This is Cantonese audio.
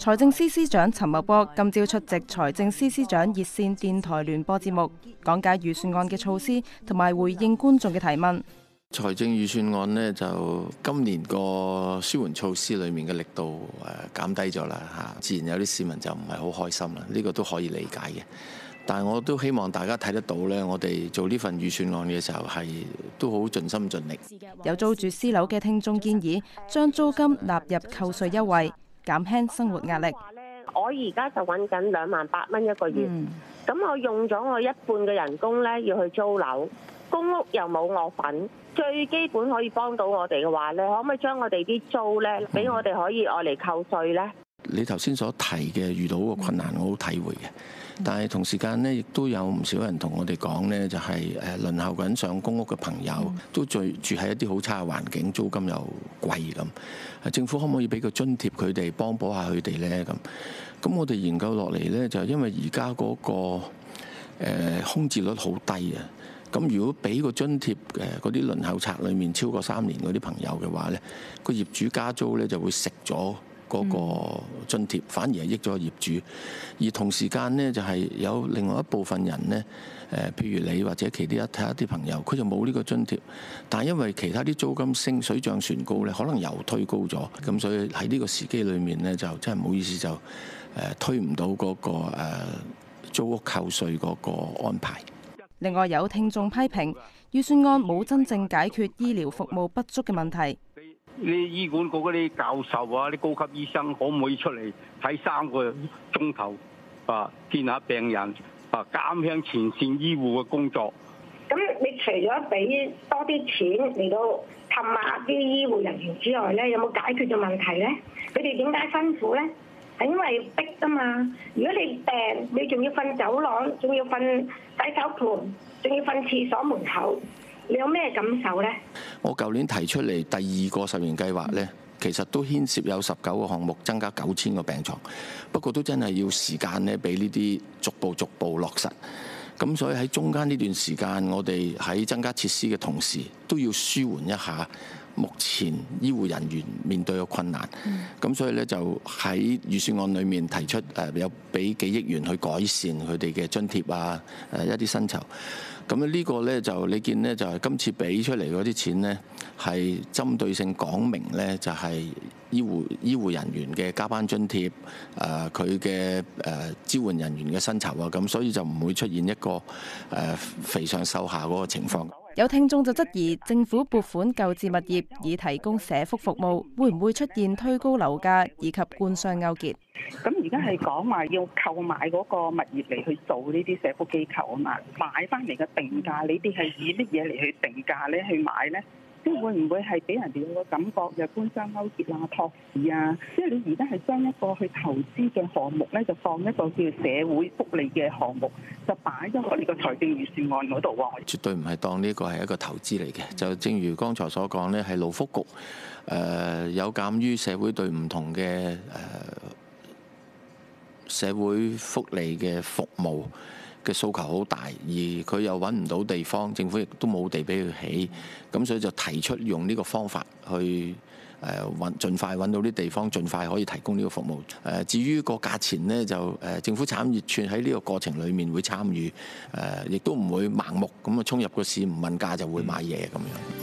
財政司司長陳茂波今朝出席財政司司長熱線電台聯播節目，講解預算案嘅措施，同埋回應觀眾嘅提問。財政預算案呢，就今年個舒緩措施裏面嘅力度誒、呃、減低咗啦吓，自然有啲市民就唔係好開心啦，呢、呢個都可以理解嘅。但係我都希望大家睇得到呢，我哋做呢份預算案嘅時候係都好盡心盡力。有租住私樓嘅聽眾建議，將租金納入扣稅優惠。減輕生活壓力。話咧，我而家就搵緊兩萬八蚊一個月，咁我用咗我一半嘅人工咧，要去租樓，公屋又冇我份，最基本可以幫到我哋嘅話咧，可唔可以將我哋啲租咧俾我哋可以攞嚟扣稅咧？ 你頭先所提嘅遇到個困難，我好體會嘅。但係同時間呢，亦都有唔少人同我哋講呢，就係誒輪候緊上公屋嘅朋友，都住住喺一啲好差嘅環境，租金又貴咁。政府可唔可以俾個津貼佢哋幫補下佢哋呢？咁咁我哋研究落嚟呢，就因為而家嗰個、呃、空置率好低啊。咁如果俾個津貼誒嗰啲輪候冊裏面超過三年嗰啲朋友嘅話呢，個業主加租呢就會食咗。嗰個津貼反而係益咗業主，而同時間呢，就係有另外一部分人呢，譬如你或者其他一啲朋友，佢就冇呢個津貼。但係因為其他啲租金升水漲船高咧，可能又推高咗，咁所以喺呢個時機裏面呢，就真係唔好意思就推唔到嗰個誒租屋扣稅嗰個安排。另外有聽眾批評預算案冇真正解決醫療服務不足嘅問題。啲醫管局嗰啲教授啊，啲高級醫生可唔可以出嚟睇三個鐘頭啊？見下病人啊，減輕前線醫護嘅工作。咁你除咗俾多啲錢嚟到氹下啲醫護人員之外咧，有冇解決咗問題咧？佢哋點解辛苦咧？係因為逼啊嘛！如果你病，你仲要瞓走廊，仲要瞓洗手盆，仲要瞓廁所門口，你有咩感受咧？我舊年提出嚟第二個十年計劃呢，其實都牽涉有十九個項目，增加九千個病床。不過都真係要時間呢，俾呢啲逐步逐步落實。咁所以喺中間呢段時間，我哋喺增加設施嘅同時，都要舒緩一下。目前醫護人員面對嘅困難，咁所以咧就喺預算案裏面提出，誒，有俾幾億元去改善佢哋嘅津貼啊，誒，一啲薪酬，咁呢個咧就你見咧就係今次俾出嚟嗰啲錢咧係針對性講明咧就係醫護醫護人員嘅加班津貼，誒，佢嘅，誒，支援人員嘅薪酬啊，咁所以就唔會出現一個，誒，肥上瘦下嗰個情況。有聽眾就質疑政府撥款購置物業，以提供社福服務，會唔會出現推高樓價以及官商勾結？咁而家係講話要購買嗰個物業嚟去做呢啲社福機構啊嘛，買翻嚟嘅定價，你哋係以乜嘢嚟去定價咧？去買咧？即係會唔會係俾人哋個感覺有官商勾結啊、託市啊？即係你而家係將一個去投資嘅項目咧，就放一個叫社會福利嘅項目，就擺咗喺呢個財政預算案嗰度喎。絕對唔係當呢個係一個投資嚟嘅，就正如剛才所講咧，係勞福局誒有鑒於社會對唔同嘅誒社會福利嘅服務。嘅訴求好大，而佢又揾唔到地方，政府亦都冇地俾佢起，咁所以就提出用呢個方法去誒揾，盡快揾到啲地方，盡快可以提供呢個服務誒，至於個價錢咧，就誒政府產業署喺呢個過程裏面會參與誒，亦都唔會盲目咁啊衝入個市，唔問價就會買嘢咁樣。